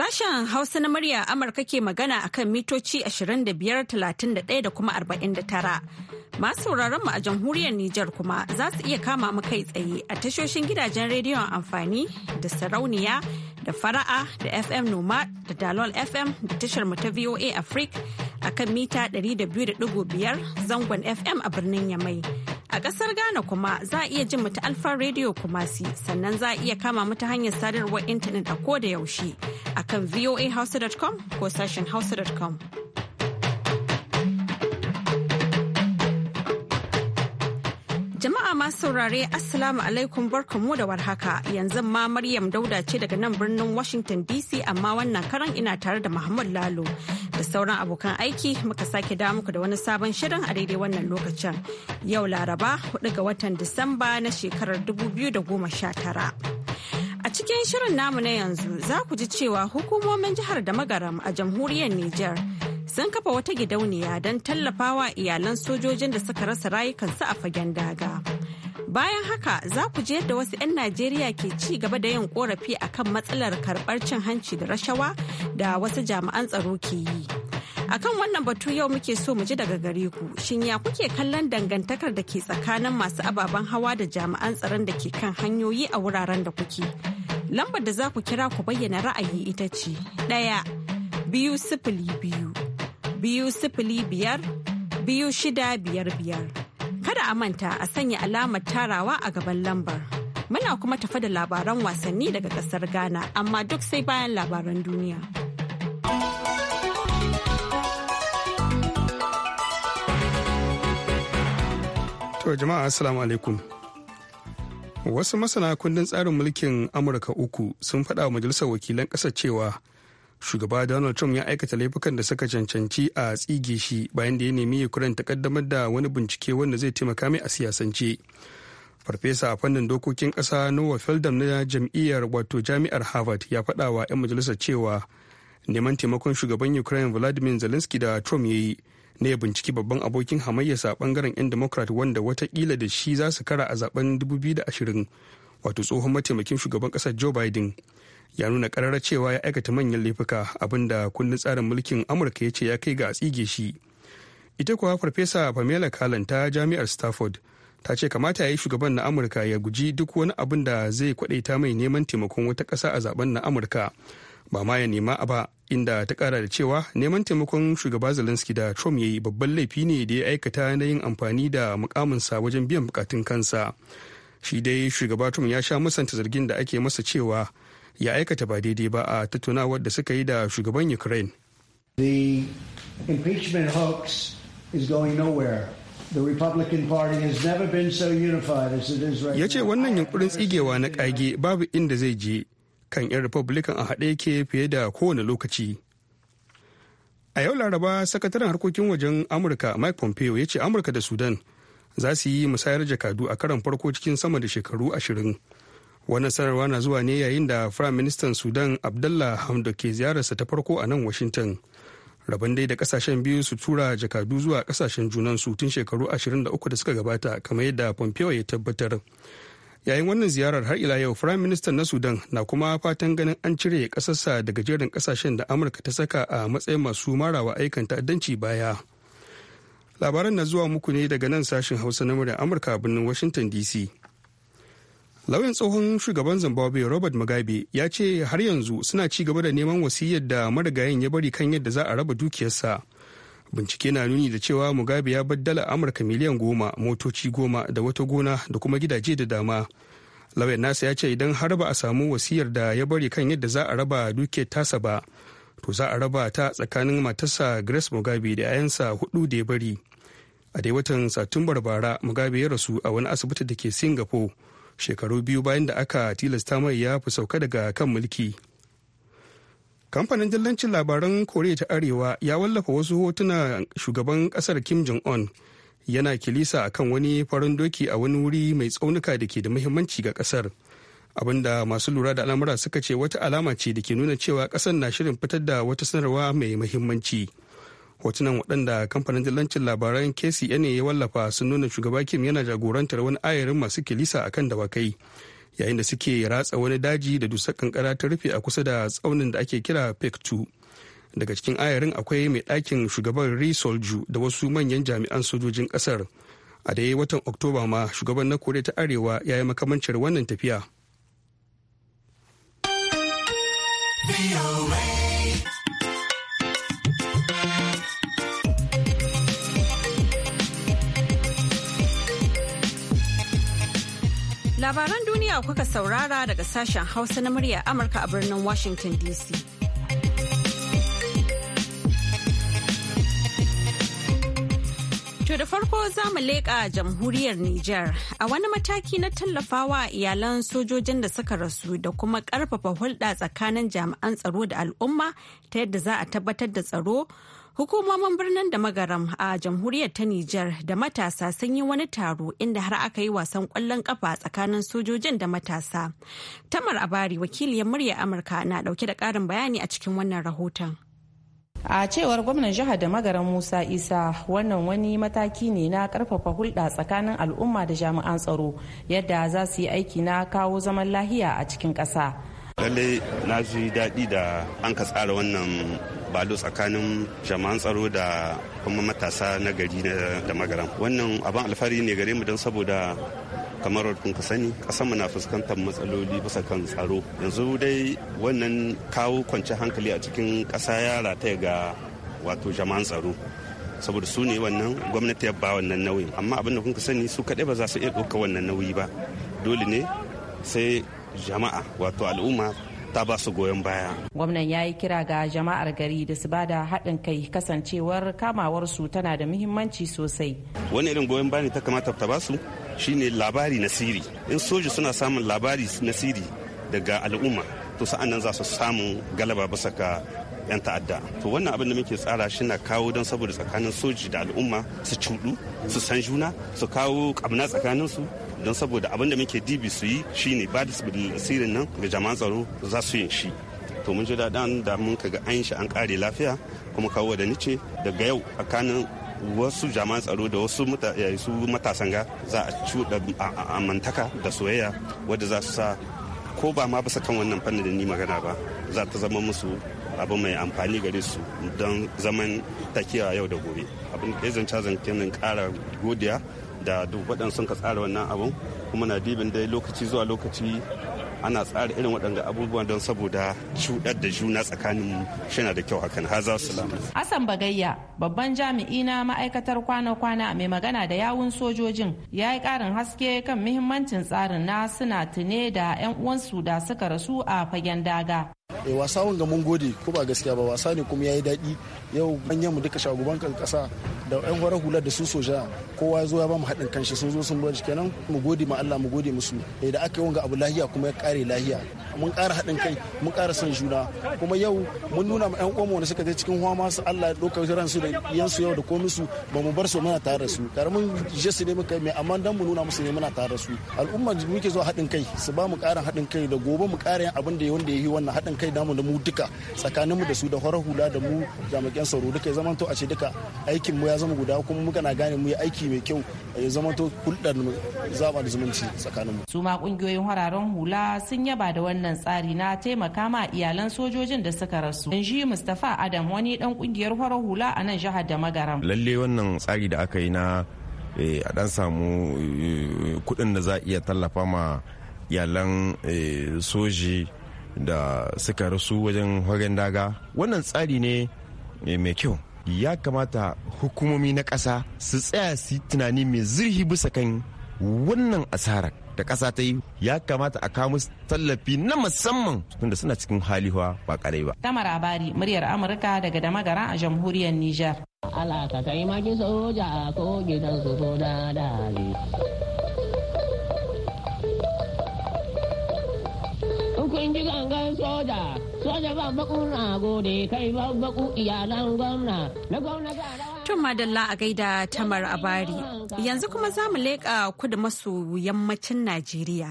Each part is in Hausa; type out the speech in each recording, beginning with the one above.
Sashen Hausa na murya Amurka ke magana akan mitoci 25,31 da kuma 49. Masu sauraron mu a jamhuriyar Nijar kuma za su iya kama mu kai tsaye a tashoshin gidajen rediyon amfani da sarauniya da fara'a da FM Noma da Dalol FM da tashar mu ta VOA Africa akan mita 200.5 zangon FM a birnin Yamai. A ƙasar Ghana kuma za a iya jin mu ta Alfa Radio Kumasi sannan za a iya kama mu hanyar sadarwar intanet a ko da yaushe akan voahouse.com ko sashen hausa.com. Jama'a masu saurare Assalamu alaikum barkamu da warhaka yanzu ma Maryam Dauda ce daga nan birnin Washington DC amma wannan karan ina tare da Muhammad Lalo da sauran abokan aiki muka sake da muku da wani sabon shirin a daidai wannan lokacin. Yau Laraba 4 ga watan Disamba na shekarar 2019. A cikin shirin namu na yanzu za ku ji cewa hukumomin jihar da magaram a jamhuriyar Nijar sun kafa wata gidauniya don tallafawa iyalan sojojin da suka rasa rayukansu a fagen daga. Bayan haka za ku je yadda wasu 'yan Najeriya ke ci gaba da yin korafi a kan matsalar karɓar cin hanci da rashawa da wasu jami'an tsaro ke yi. A kan wannan batu yau muke so mu ji daga gare ku shin ya kuke kallon dangantakar da ke tsakanin masu ababen hawa da jami'an tsaron da ke kan hanyoyi a wuraren da kuke lambar da za ku kira ku bayyana ra'ayi ita ce ɗaya biyu sifili biyu biyu sifili biyar biyu shida biyar biyar. Kada a manta a sanya alamar tarawa a gaban lambar. Muna kuma tafa da labaran wasanni daga ƙasar Ghana amma duk sai bayan labaran duniya. To jama'a assalamu alaikum. Wasu masana kundin tsarin mulkin Amurka uku sun faɗa wa majalisar wakilan ƙasar cewa shugaba donald trump ya aikata laifukan da suka cancanci a tsige shi bayan da ya nemi ukraine ta kaddamar da wani bincike wanda zai taimaka mai a siyasance farfesa a fannin dokokin kasa noah feldam na jam'iyyar wato jami'ar harvard ya faɗa wa 'yan majalisar cewa neman taimakon shugaban ukraine vladimir zelensky da trump ya yi ne ya binciki babban abokin hamayyarsa a bangaren 'yan democrat wanda wata watakila da shi za su kara a zaben 2020 wato tsohon mataimakin shugaban ƙasar joe biden ya nuna karara cewa ya aikata manyan laifuka abinda kundin tsarin mulkin amurka ya ce ya kai ga a tsige shi ita kuwa farfesa pamela kalan ta jami'ar stafford ta ce kamata ya yi shugaban na amurka ya guji duk wani abin da zai kwadaita mai neman taimakon wata ƙasa a zaben na amurka ba ma ya nema a ba inda ta kara da cewa neman taimakon shugaba zelensky da trump ya yi babban laifi ne da ya aikata na yin amfani da mukaminsa wajen biyan bukatun kansa shi dai shugaba trump ya sha musanta zargin da ake masa cewa ya aikata ba daidai ba a tattunawar da suka yi da shugaban ukraine the impeachment hoax is going nowhere ya ce wannan yunkurin tsigewa na kage babu inda zai je kan 'yan republican a haɗe yake fiye da kowane lokaci a yau laraba sakataren harkokin wajen amurka mike pompeo ya ce amurka da sudan za su yi musayar jakadu a karan farko cikin sama da shekaru ashirin wani sanarwa na zuwa ne yayin da firayim ministan sudan abdullah hamdok ke ziyararsa ta farko a nan washington rabon dai da kasashen biyu su tura jakadu zuwa kasashen junansu tun shekaru 23 da suka gabata kamar yadda pompeo ya tabbatar yayin wannan ziyarar har ila yau firayim ministan na sudan na kuma fatan ganin an cire kasarsa daga jerin kasashen da amurka ta saka a matsayin masu marawa aikan ta'addanci baya labaran na zuwa muku ne daga nan sashen hausa na murya amurka birnin washington dc lauyan tsohon shugaban zimbabwe robert mugabe ya ce har yanzu suna ci gaba da neman wasiyar da marigayin ya bari kan yadda za a raba dukiyarsa bincike na nuni da cewa mugabe ya baddala amurka miliyan goma motoci goma da wata gona da kuma gidaje da dama lauyan nasa ya ce idan har ba a samu wasiyar da ya bari kan yadda za a raba dukiyar tasa ba to za a raba ta tsakanin matarsa grace mugabe da 'ya'yansa hudu da ya bari a dai watan satumbar bara mugabe ya rasu a wani asibiti da ke singapore shekaru biyu bayan da aka tilasta mai ya fi sauka daga kan mulki kamfanin dillancin labaran koriya ta arewa ya wallafa wasu hotuna shugaban kasar kim jong-un yana kilisa akan wani farin doki a wani wuri mai tsaunuka da ke da muhimmanci ga kasar abinda masu lura da al'amura suka ce wata alama ce da ke nuna cewa kasar na shirin fitar da wata sanarwa mai muhimmanci. hotunan waɗanda kamfanin dillancin labaran kcna ya wallafa sun nuna shugaba kim yana jagorantar wani ayarin masu kilisa akan dawakai yayin da suke ratsa wani daji da dusar kankara ta rufe a kusa da tsaunin da ake kira pec 2 daga cikin ayarin akwai mai ɗakin shugaban ri solju da wasu manyan jami'an sojojin ƙasar a dai watan oktoba ma shugaban na koriya ta arewa ya yi makamancin wannan tafiya. Labaran duniya kuka saurara daga sashen Hausa na murya Amurka a birnin Washington DC. To da farko za mu leƙa jamhuriyar Nijar a wani mataki na tallafawa iyalan sojojin da suka rasu da kuma ƙarfafa hulɗa tsakanin jami'an tsaro da al'umma ta yadda za a tabbatar da tsaro Hukumomin birnin da magaram a jamhuriyar ta Nijar da matasa sun yi wani taro inda har aka yi wasan kwallon kafa tsakanin sojojin da matasa. Tamar Abari wakiliyar murya Amurka na dauke da karin bayani a cikin wannan rahoton. a cewar gwamnan jihar da magaran musa isa wannan wani mataki ne na karfafa hulɗa tsakanin al'umma da jami'an tsaro yadda za su yi aiki na kawo zaman lahiya a cikin ƙasa. lallai na ji daɗi da an ka tsara wannan balo tsakanin jama'an tsaro da kuma matasa na gari da magaram wannan abin alfahari ne gare mu don saboda kamar kun ka sani mu na fuskantar matsaloli bisa kan tsaro yanzu dai wannan kawo kwanci hankali a cikin ƙasa ya rataya ga wato jama'an tsaro saboda su ne wannan gwamnati ya ba wannan nauyin amma abin da kun ka sani su kaɗai ba za su iya ɗauka wannan nauyi ba dole ne sai jama'a wato al'umma ta ba su goyon baya. Gwamnan ya yi kira ga jama'ar gari da su bada haɗin kai kasancewar kamawarsu tana da muhimmanci sosai. Wani irin goyon baya ne ta kamata ta ba su shine labari na siri. In soji suna samun labari na siri daga al'umma to sa'an nan za su samu galaba bisa ka 'yan ta'adda to wannan abin da muke tsara shi na kawo don saboda tsakanin soji da al'umma su cuɗu su san juna su kawo tsakanin su. don saboda abin da muke dibi su yi shine ba da sirrin nan ga jama'an tsaro za su yin shi to mun ji daɗin da mun kaga an shi an ƙare lafiya kuma kawo da nice daga yau tsakanin wasu jama'an tsaro da wasu eh, su matasan ga za a cuɗa amantaka da soyayya wadda za su sa ko ba ma bisa kan wannan fannin da ni magana ba za ta zama musu abu mai amfani gare su don zaman takiya yau da gobe abin da zan zan kenan kara godiya da duk waɗanda sun ka tsara wannan abun kuma na dibin dai lokaci zuwa lokaci ana tsara irin waɗanda abubuwan don saboda cuɗar da juna tsakanin shana da kyau hakan haza salamu. Asan Bagayya babban jami'i na ma'aikatar kwana-kwana mai magana da yawun sojojin ya yi ƙarin haske kan muhimmancin tsarin na suna tune da 'yan uwansu da suka rasu a fagen daga. E wasa wanga mun gode ko ba gaskiya ba wasa ne kuma yayi daɗi yau manyan mu duka shaguban kasa da ƴan wara hula da su soja kowa zo ya ba mu haɗin kanshi sun zo sun bar kenan mu gode ma Allah mu gode musu e da aka yi wanga abu lahiya kuma ya kare lahiya mun ƙara haɗin kai mun ƙara son juna kuma yau mun nuna ma ƴan uwanmu wanda suka je cikin hwama su Allah ya ɗauka su da yansu yau da komai su ba mu bar su muna tare da su karamin su ne muka mai amma dan mu nuna musu ne muna tare da su al'umma muke zuwa haɗin kai su ba mu ƙarin haɗin kai da gobe mu ƙara yin abin da wanda ya yi wannan haɗin kai zai damu da mu duka tsakanin mu da su da horar hula da mu jami'an tsaro duka ya zamanto a ce duka aikin mu ya zama guda kuma muka na gane mu yi aiki mai kyau ya zamanto hulɗar zaba da zumunci tsakanin mu. su ma kungiyoyin hararen hula sun yaba da wannan tsari na taimaka ma iyalan sojojin da suka rasu. Yanzu mustafa Adam wani dan kungiyar horar hula a nan jihar da magaram. Lalle wannan tsari da aka yi na eh, a dan samu eh, kuɗin da za a iya tallafa ma iyalan eh, soji da suka rasu wajen horon daga wannan tsari ne mai kyau ya kamata hukumomi na ƙasa su tsaya su yi tunani mai zurfi bisa kan wannan asarar da ƙasa ta yi ya kamata a kawo musu tallafi na musamman tunda suna cikin halihuwa ba ƙarai ba. Tamar Abari, muryar Amurka daga Damagara a jamhuriyar Nijar. Allah ka kai soja ko gidan su ko da kun ji gangan soja, soja ba baku na gode kai ba baku iyalan gwamna. Na gwamna ga Tun madalla a gaida tamar abari. Yanzu kuma za mu leƙa kudu maso yammacin Najeriya.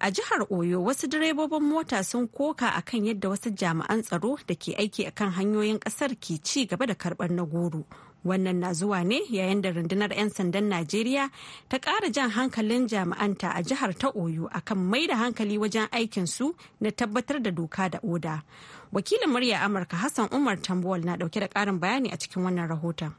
A jihar Oyo wasu direbobin mota sun koka akan yadda wasu jami'an tsaro da ke aiki akan hanyoyin ƙasar ke ci gaba da karɓar na goro. Wannan na zuwa ne yayin da rundunar 'yan sandan Najeriya ta ƙara jan hankalin jami'anta a jihar ta Oyo akan mai da hankali wajen aikinsu na tabbatar da doka da oda. Wakilin murya Amurka Hassan Umar Tambuwal na ɗauke da ƙarin bayani a cikin wannan rahoton.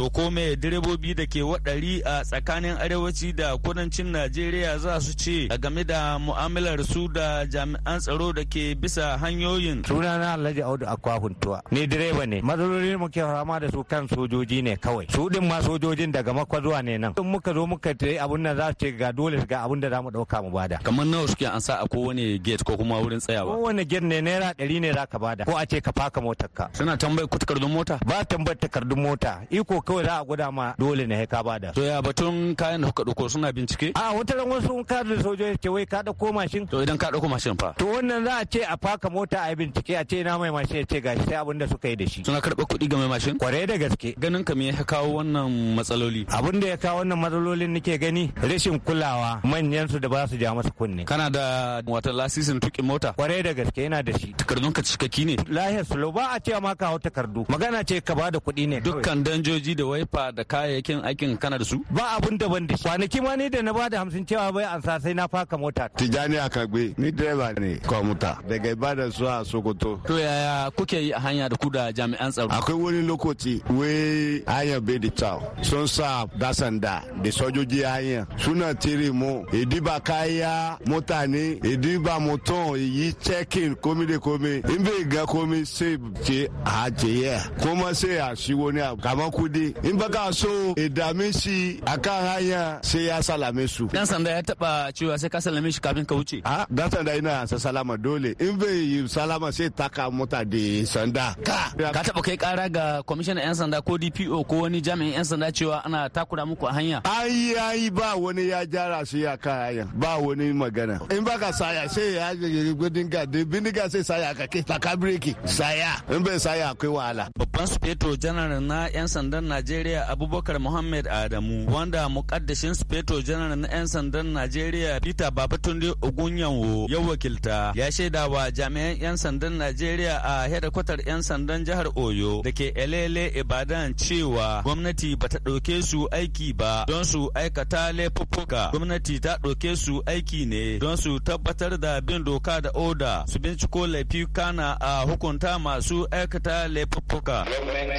To ko me direbobi da ke waɗari a tsakanin arewaci da kudancin Najeriya za su ce a game da mu'amalar su da jami'an tsaro da ke bisa hanyoyin. Sunana Alhaji Audu akwahuntuwa Ni direba ne. matsaloli mu ke fama da su kan sojoji ne kawai. Su din ma sojojin daga makwa zuwa ne nan. In muka zo muka tare abun nan za su ce ga dole ga abun da za mu ɗauka mu bada. Kamar nawa suke an sa a kowane gate ko kuma wurin tsayawa. Kowane gate ne naira ɗari ne za ka bada. Ko a ce ka faka motar ka. Suna tambayar ku takardun mota? Ba tambayar takardun mota. Iko kawai za a gwada ma dole ne ka bada. To ya batun kayan da kuka ɗauko suna bincike? A wata ran wasu kadin sojoji ke wai ka ɗauko mashin. To idan ka ɗauko mashin fa? To wannan za a ce a faka mota a yi bincike a ce na mai mashin ya ce gashi sai abin da suka yi da shi. Suna karɓar kuɗi ga mai mashin? Kwarai da gaske. Ganin ka me ya kawo wannan matsaloli? Abin da ya kawo wannan matsalolin nake gani rashin kulawa manyan su da ba su ja masa kunne. Kana da wata lasisin tuƙin mota? Kwarai da gaske yana da shi. Takardun ka cikakki ne? Lahiyar su ba a ce ma hau takardu. Magana ce ka ba da kuɗi ne. Dukkan danjoji da waifa da kayayyakin aikin kana da su ba abun da ban da kwanaki ma ni da na bada hamsin cewa bai an sa sai na faka mota tijani a kagbe ni direba ne kwa mota daga ibadan zuwa sokoto to yaya kuke yi a hanya da ku da jami'an tsaro akwai wani lokaci wai hanya bai da kyau sun sa dasanda da sojoji hanya suna tiri mu idiba kaya mutane idiba mutum yi cekin komi da komi in bai ga komi sai ce a ce ya kuma sai a shi wani abu kamar kudi daidai in baka so ya e dame shi akan hanya sai ya salame su dan sanda ya taba cewa sai ka salame shi kafin ka wuce a ah, dan sanda ina sa salama dole in bai yi salama sai taka mota da sanda ka ka taba kai kara ga kwamishinan yan sanda ko DPO ko wani jami'in yan sanda cewa ana takura muku a hanya ai ai ba wani ya jara su ya kan hanya ba wani magana in baka saya sai ya bindiga bindiga sai saya ka ke taka breki saya in bai saya akwai wahala babban petro janar na yan sandan Najeriya Abubakar Muhammad Adamu wanda mukaddashin Speto Janar na 'yan sandan Najeriya Peter Babatunde Ogunyanwo ya wakilta ya shaida wa jami'an 'yan sandan Najeriya a hedakwatar 'yan sandan jihar Oyo da ke Elele Ibadan cewa gwamnati ba ta ɗauke su aiki ba don su aikata laifuffuka gwamnati ta ɗauke su aiki ne don su tabbatar da bin doka da oda su binciko laifi kana a hukunta masu aikata laifuffuka. Government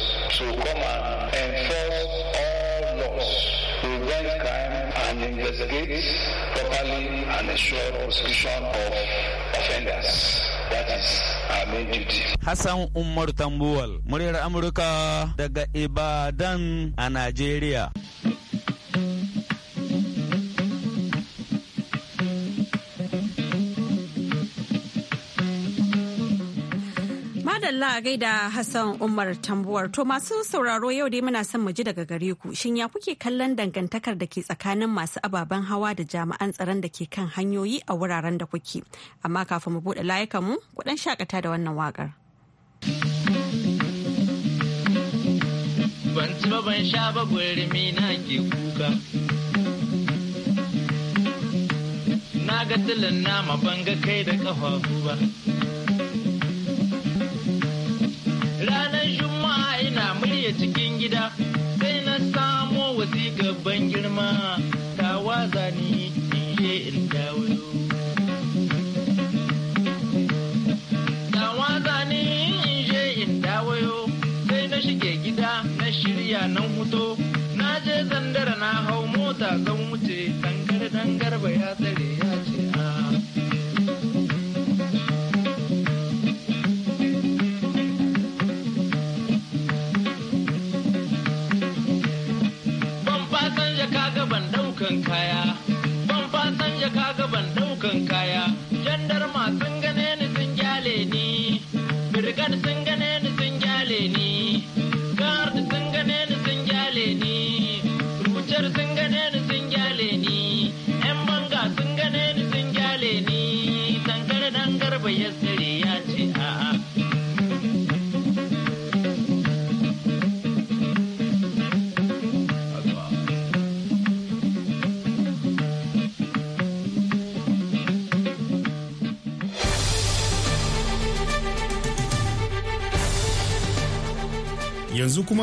to come and enforce all laws, prevent crime and investigate properly and ensure prosecution of offenders. That is our main duty. Hassan Umar Tambuwal, muryar Amurka daga Ibadan a Najeriya. madalla a gaida Hassan Umar Tambuwar. To masu sauraro yau dai muna son mu ji daga gare ku. Shin ya kuke kallon dangantakar da ke tsakanin masu ababen hawa da jami'an tsaron da ke kan hanyoyi a wuraren da kuke? Amma kafin mu buɗe layukan mu, ku ɗan shakata da wannan wakar. Ban ci ban sha ba gwarimi na ke kuka. Na ga tilin nama ban ga kai da ƙafafu ba. ranar juma'a ina murya cikin gida sai na samo wasiƙa ban girma ta waza ni iye in dawo shirya nan huto na je zandara na hau mota zan wuce dangar dangar ba ya tsare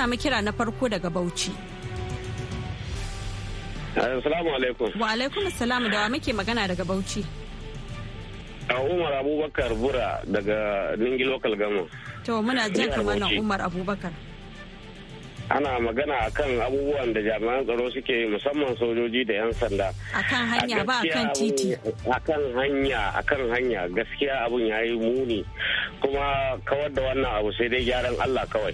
sami kira na farko daga Bauchi. Assalamu alaikum. Wa alaikum assalamu da wa muke magana daga Bauchi. Umar Abubakar Bura daga Ningi Local Gama. To muna jin kamar Umar Abubakar. ana magana a kan abubuwan da jami'an tsaro suke musamman sojoji da 'yan sanda a kan hanya ba a kan titi a kan hanya kan hanya gaskiya abun ya yi muni kuma kawar da wannan abu sai dai gyaran allah kawai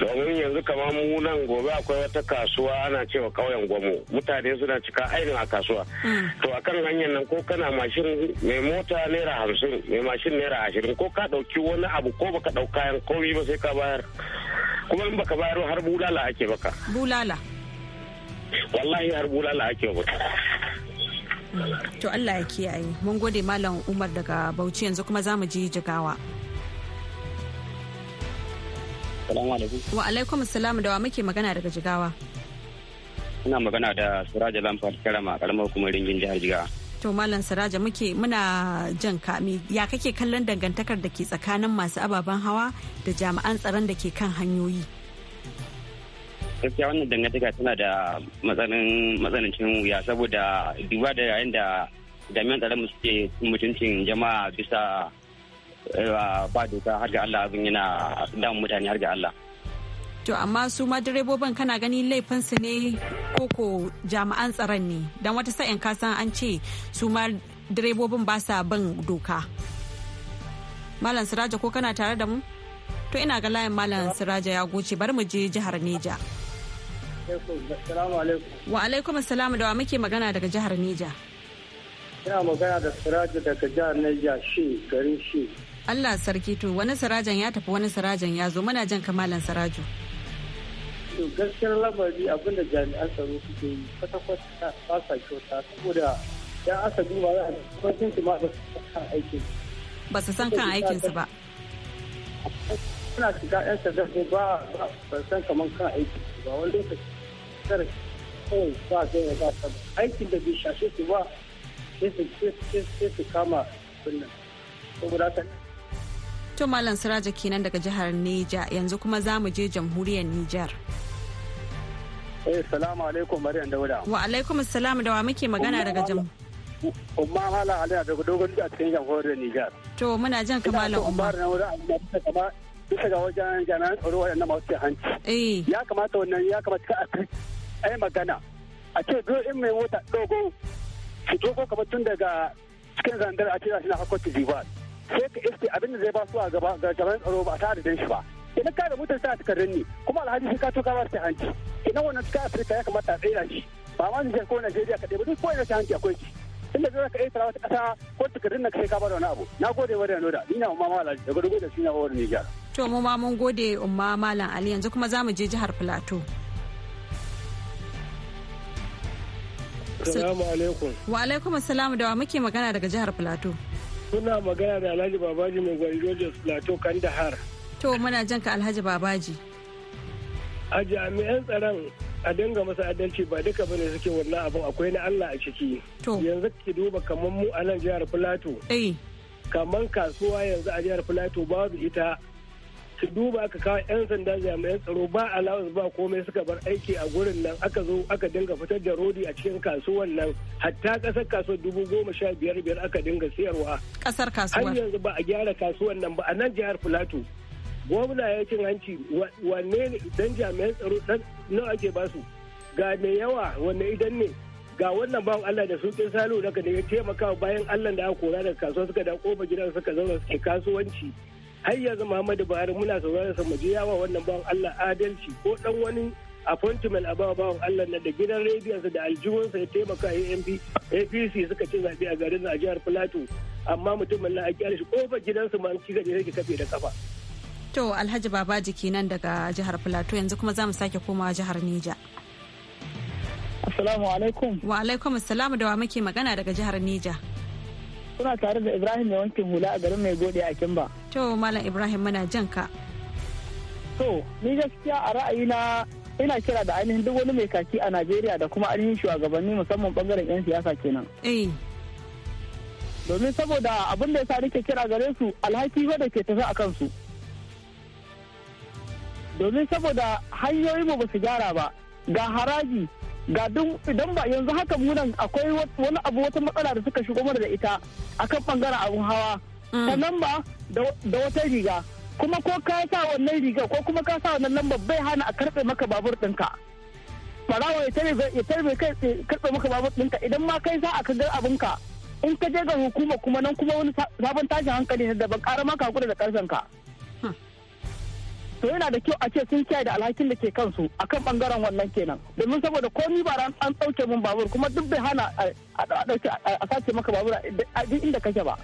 domin yanzu kama mu nan gobe akwai wata kasuwa ana cewa kauyen gwamo mutane suna cika ainihin a kasuwa mm. to kan hanyar nan ko kana mashin mai mota naira hamsin mai mashin naira ashirin ko ka ɗauki wani abu ko baka ɗauka kayan komi ba sai ka bayar kuma in baka bayar har bulala ake baka bulala wallahi har bulala ake baka to Allah ya kiyaye mun gode malam Umar daga Bauchi yanzu kuma zamu ji jigawa wa alaikum salam da wa muke magana daga jigawa ina magana da Suraja lamfa Karama karamar hukumar ringin jihar Jigawa to malam saraja muke muna jan kami ya kake kallon dangantakar da ke tsakanin masu ababen hawa da jami'an tsaron da ke kan hanyoyi gaskiya wannan dangantaka tana da matsanancin wuya saboda duba da yayin da jami'an tsaron mu suke mutuncin jama'a bisa eh, ba doka har ga Allah abin yana damun mutane har ga Allah to amma su ma direbobin kana gani laifinsu ne koko jami'an tsaron ne don wata sa'in kasan an ce su ma direbobin ba sa bin doka malam siraja ko kana tare da mu to ina ga layin malam siraja ya goce bari mu je jihar neja wa alaikum assalamu da wa muke magana daga jihar neja ina magana da siraja daga jihar neja shi garin shi Allah sarki to wani sirajan ya tafi wani sirajan ya zo muna jan kamalan siraju. to gaskiyar lamari abinda jami'an tsaro suke yi kwata-kwata ba sa kyauta saboda ya aka duba za a kwacin su ma ba su kan aikin ba su san kan aikin su ba suna shiga yan sadar ne ba ba san kamar kan aikin su ba wani lokaci kar kawai ba zai ya ba ta aikin da bai shashe su ba sai su kama sunan saboda ta To Malam Siraja kenan daga jihar Neja yanzu kuma za mu je jamhuriyar Niger. Assalamu eh, salamu alaikum Maryam Dauda. Wa alaikum assalamu da wa muke magana daga jam. Umma Malam Ali daga dogon a cikin jamhuriyar Nijar. To muna jan kamalan Umma. Ina so Umma bisa ga wajen jami'an tsaro waɗannan masu hanci. Eh. Ya kamata wannan ya kamata ka a yi magana. A ce duk in mai mota dogo su dogo kamar tun daga cikin zandar a ce za shi na hakkoki Zibar. Sai ka iske abin da zai ba su a gaba ga jami'an tsaro ba a ta adadin shi ba. ina ka da mutunta a cikin rinni kuma alhaji sai ka to ka ba su hanci ina wannan cikin afirka ya kamata a tsira shi ba ma nijar ko najeriya kaɗai ba duk ko yana hanci akwai shi inda zai ka tsira wata ƙasa ko takardun ka sai ka ba da wani abu na gode wa da noda ni na umma malam daga dogo da suna wa nijar. to mu ma mun gode umma malam ali yanzu kuma za mu je jihar plateau. Salamu alaikum. Wa alaikum assalamu da wa muke magana daga jihar Plateau. Suna magana da Alhaji Babaji mai gwari Rogers da Kandahar. To muna jan ka Alhaji Babaji. A jami'an tsaron a dinga masa adalci ba duka bane suke wannan abin akwai na Allah a ciki. Yanzu ki duba kamar mu a nan jihar Filato. Eh. Kamar kasuwa yanzu a jihar Filato babu ita su duba aka kawo 'yan sanda jami'an tsaro ba allowance ba komai suka bar aiki a gurin nan aka zo aka dinga fitar da rodi a cikin kasuwan nan hatta kasar kasuwar dubu goma sha biyar biyar aka dinga siyarwa kasar kasuwar har yanzu ba a gyara kasuwan nan ba a nan jihar filato gwamna ya cin hanci wanne ne dan jami'an tsaro dan na ake su ga mai yawa wanne idan ne ga wannan bawan Allah da sukin salo daga da ya taimaka bayan Allah da aka kora daga kasuwa suka da kofa gidan suka zauna suke kasuwanci har yanzu Muhammadu Buhari muna sauraron sa mu je yawa wannan bawan Allah adalci ko dan wani appointment a bawa bawan Allah na da gidan rediyonsa da aljihunsa ya taimaka AMP APC suka ce zaɓe a garin a jihar Plateau amma mutumin na a kyale shi kofar su ma an ci gaje yake kafe da kafa. To Alhaji Babaji kenan daga jihar plateau yanzu kuma za mu sake komawa jihar Neja. Assalamu alaikum. Wa alaikum assalamu da wa muke magana daga jihar Neja. suna tare da Ibrahim mai wankin hula a garin mai gode a Kimba. To Malam Ibrahim muna jan ka. To ni gaskiya a ra'ayi na ina kira da ainihin duk wani mai kaki a Najeriya da kuma ainihin shugabanni musamman bangaren 'yan siyasa kenan. Eh. Domin saboda abin da ya sa nake kira gare su alhaki ba da ke tafi a kansu. domin saboda hanyoyin mu ba su gyara ba ga haraji ga idan ba yanzu haka munan akwai wani abu wata matsala da suka shigo mana da ita akan bangaren abun hawa mm. sannan ba da wata riga kuma ko ka sa wannan riga ko kuma ka sa wannan lambar bai hana a karbe maka babur ɗinka farawa ya tarbe kai karbe maka babur ɗinka idan ma kai sa aka ga abinka in ka je ga hukuma kuma nan kuma wani sabon tashin hankali na ban ƙara maka hakuri da ƙarfin ka. to yana da kyau a ce sun kiyaye da alhakin da ke kansu akan bangaren wannan kenan domin saboda komi ba ran an ɗauke mun babur kuma duk bai hana a sace maka babur a duk inda kake ba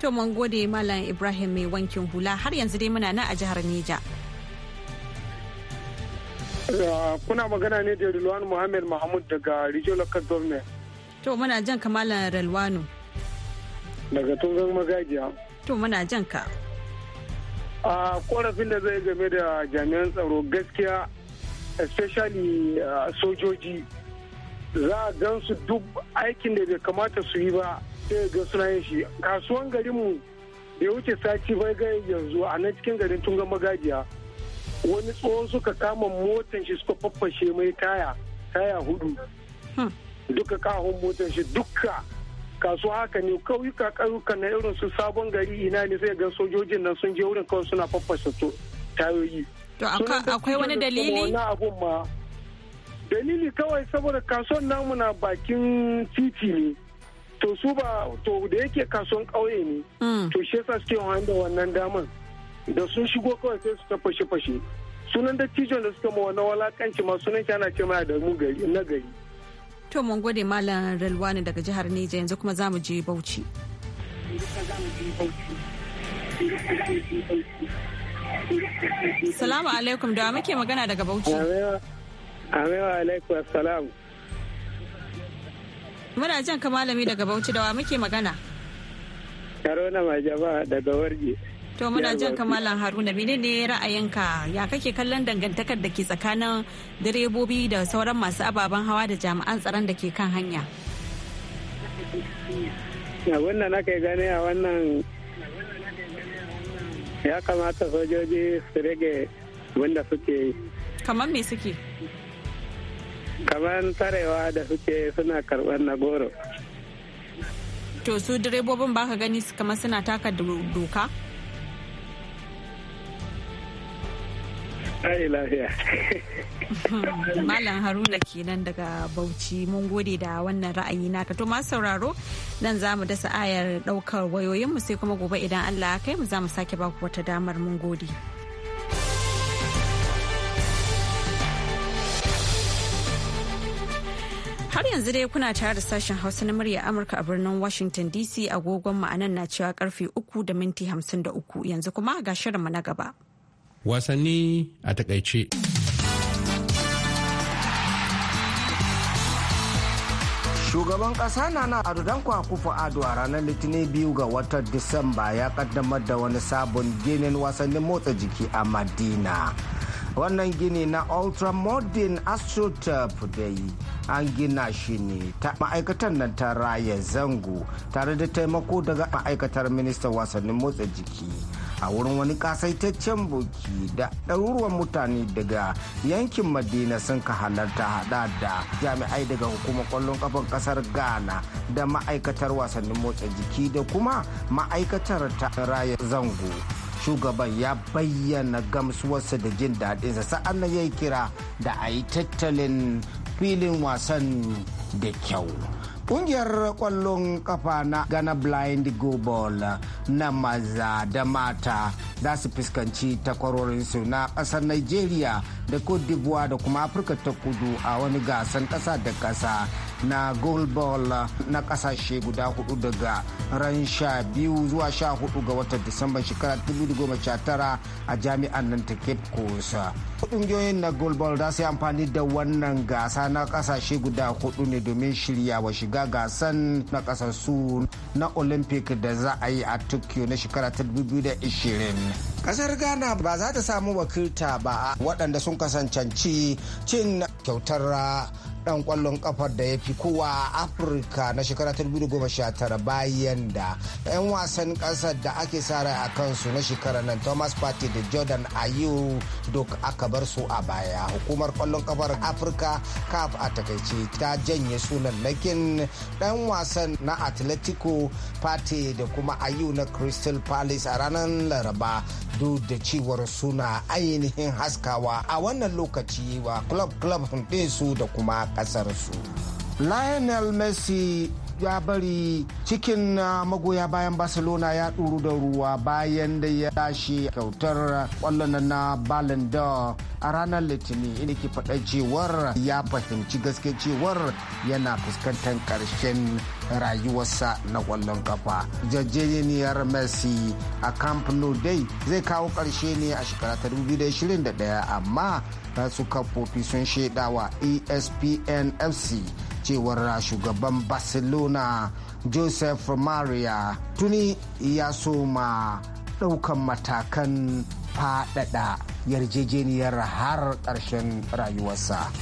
to mun gode malam ibrahim mai wankin hula har yanzu dai muna nan a jihar neja kuna magana ne da Rilwanu Muhammad Mahmud daga Rijo Local Government. To muna jan ka Malam Rilwanu. Daga Tungan Magajiya. To muna jan ka. a korafin da zai game da jami'an tsaro gaskiya especially sojoji za a gan su duk aikin da bai kamata su yi ba sai ga suna yin shi kasuwan garinmu da ya wuce sati bai ga yanzu a nan cikin garin tungan magajiya wani tsohon suka kama motan shi suka faffashe mai taya, taya hudu hmm. duka kahon motan shi duka kasuwa haka ne kauyuka kauyuka na irin su sabon gari ina ne sai ga sojojin nan sun je wurin kawai suna faffasa tayoyi to akwai wani dalili abun ma dalili kawai saboda kasuwan namu na bakin titi ne to su ba to da yake kasuwan kauye ne mm. to shi yasa suke da wannan daman da sun shigo kawai sai su ta fashe fashe sunan dattijon da suka ma wani walakanci ma sunan shi ana ce da mu gari na gari To mun gode Malam Relwani daga jihar Neja yanzu kuma za mu je Bauchi. Salamu alaikum da muke magana daga Bauchi. Amewa alaikum salam. Muna jan ka malami daga Bauchi da wa muke magana? Karona Majaba daga Warji. To muna jin kamalan Haruna menene ra'ayinka ya kake kallon dangantakar da ke tsakanin direbobi da sauran masu ababen hawa da jami'an tsaron da ke kan hanya? Na wannan na yi gane a wannan ya kamata sojoji su rage wanda suke yi. Kamar me suke? Kamar tarewa da suke suna karɓar na goro. To su direbobin baka gani kamar suna taka doka? ai lafiya malam haruna kenan daga bauchi mun gode da wannan ra'ayi naka to masu sauraro nan za mu dasa ayar daukar wayoyinmu sai kuma gobe idan allah ya kai mu za mu sake baku wata damar mun gode Har yanzu dai kuna tare da sashen Hausa na murya Amurka a birnin Washington DC agogon ma'anan na cewa karfe uku da minti hamsin da uku yanzu kuma ga shirinmu na gaba. wasanni a takaice. shugaban ƙasa nana kwa kufa ado a ranar litinin biyu ga watan disamba ya kaddamar da wani sabon ginin wasannin motsa jiki a madina wannan gini na ultramodern astroturf dai an gina shi ne ta ma'aikatan nan ta raya zango tare da taimako daga ma'aikatar ministan wasannin motsa jiki a wurin wani kasaitaccen buki da ɗaruruwan mutane daga yankin madina sun ka halarta hada da jami'ai daga hukumar kwallon kafan kasar ghana da ma'aikatar wasannin motsa jiki da kuma ma'aikatar ta raya zango shugaban ya bayyana gamsuwarsa da jin daɗinsa sa'an nan ya yi kira da a yi tattalin filin wasan da kyau. Ƙungiyar ƙwallon kafa na Ghana Blind Go Ball na maza da mata za su fuskanci takwarorinsu na ƙasar Nigeria da Cote d'Ivoire da kuma Afirka ta kudu a wani gasan ƙasa da ƙasa na goalball na kasashe guda hudu daga ran sha biyu zuwa sha hudu ga watan disamban shekara 2019 a jami'an nan ta cape coast kungiyoyin na goalball za su yi amfani da wannan gasa na kasashe guda hudu ne domin shirya wa shiga gasan na kasassu na olympic da za a yi a tokyo na shekara 2020 kasar ghana ba za ta samu wakilta ba waɗanda sun kasancanci cin kyautar dan kwallon kafar da ya fi kowa a afirka na shekara 2019 bayan da 'yan wasan kasar da ake sara a kansu na shekara nan thomas party da jordan ayew duk aka bar su a baya hukumar kwallon kafar afirka caf a takaice ta janye sunan lakin dan wasan na atletico party da kuma ayew na crystal palace a ranar laraba duk da cewar suna ainihin haskawa a wannan lokaci wa club club su da kuma ƙasarsu. Lionel Messi ya bari cikin ah, magoya bayan barcelona ya ɗuru da ruwa bayan da ya tashi kyautar ƙwallon na ballon d'or a ranar litinin inda ke faɗa cewar ya fahimci gaske cewar yana fuskantar ƙarshen rayuwarsa na ƙwallon kafa jajjeniyar messi a camp nou dai zai kawo ƙarshe ne a shekara ta 2021 amma su kafofi sun shaidawa espn fc cewar shugaban barcelona joseph maria tuni ya so ma daukan matakan faɗaɗa yarjejeniyar har ƙarshen rayuwarsa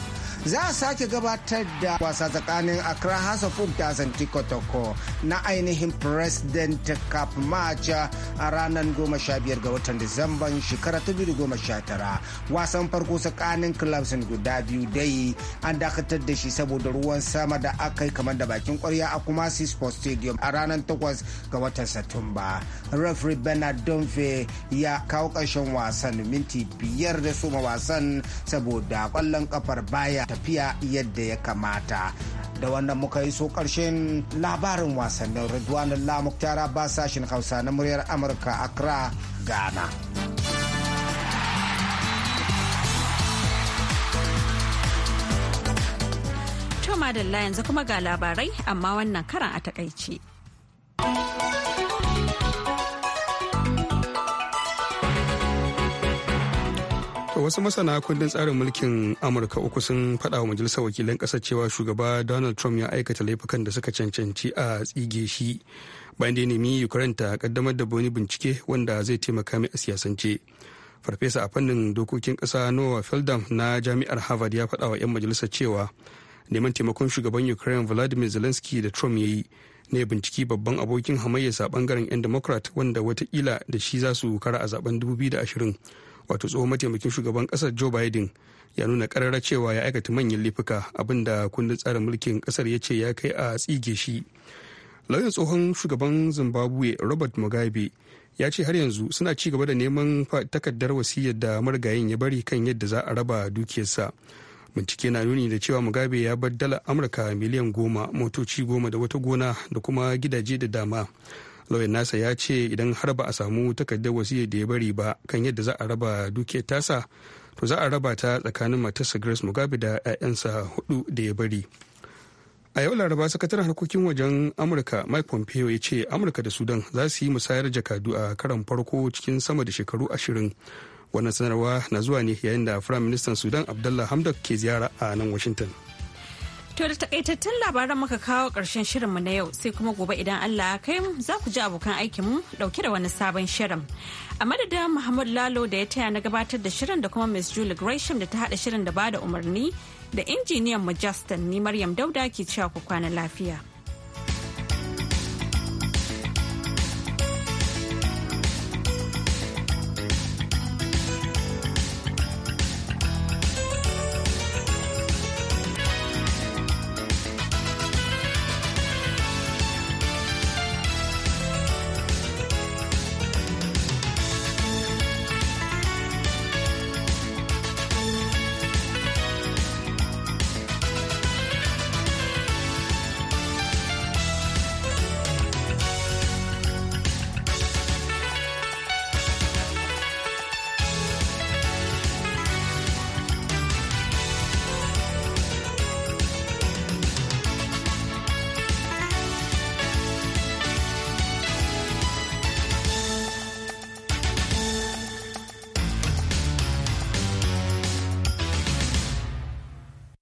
za a sake gabatar da wasa tsakanin accra house of hope da kotoko na ainihin president cup match a ranar 15 ga watan disamban shekarar 2019 wasan farko tsakanin clubs guda biyu dai an dakatar da shi saboda ruwan sama da aka yi kamar da bakin kwarya a kuma sports stadium a ranar 8 ga watan satumba referee bernard donfe ya kawo ƙarshen wasan minti biyar da soma wasan saboda kwallon kafar baya tafiya yadda ya kamata da wannan muka yi so karshen labarin wasannin ridwanan lamuk tara ba sashen hausa na muryar amurka a accra ghana madalla yanzu kuma ga labarai amma wannan karan a takaice. wasu masana kundin tsarin mulkin amurka uku sun faɗa wa majalisar wakilan ƙasa cewa shugaba donald trump ya aikata laifukan da suka cancanci a tsige shi bayan da nemi ukraine ta kaddamar da wani bincike wanda zai taimaka mai a siyasance farfesa a fannin dokokin ƙasa noah feldam na jami'ar harvard ya faɗa wa 'yan majalisar cewa neman taimakon shugaban ukraine vladimir zelensky da trump ya yi ne binciki babban abokin hamayyarsa bangaren 'yan democrat wanda watakila da shi za su kara a zaben 2020 wato tsohon mataimakin shugaban kasar joe biden ya nuna karara cewa ya aikata manyan laifuka abinda kundin tsarin mulkin kasar ya ce ya kai a tsige shi lauyan tsohon shugaban zimbabwe robert mugabe ya ce har yanzu suna ci gaba da neman takardar wasiyar da marigayin ya bari kan yadda za a raba dukiyarsa bincike na nuni da cewa mugabe ya bar dala amurka miliyan goma motoci goma da wata gona da kuma gidaje da dama lauyan nasa ya ce idan har ba a samu takardar wasiyar da ya bari ba kan yadda za a raba dukiyar tasa to za a raba ta tsakanin matarsa grace mugabe da 'ya'yansa hudu da ya bari a yau laraba sakataren harkokin wajen amurka mike pompeo ya ce amurka da sudan za su yi musayar jakadu a karan farko cikin sama da shekaru ashirin wannan sanarwa na zuwa ne yayin da firayim ministan sudan abdullah hamdok ke ziyara a nan washington To da takaitattun labaran muka kawo ƙarshen shirinmu na yau sai kuma gobe idan Allah ya kai za ku ji abokan mu ɗauke da wani sabon shirin. A madadin Muhammad Lalo da ya taya na gabatar da shirin da kuma Miss Julie Gresham da ta haɗa shirin da ba da umarni da injiniyan mu Justin ni Maryam Dauda ke cewa ku kwana lafiya.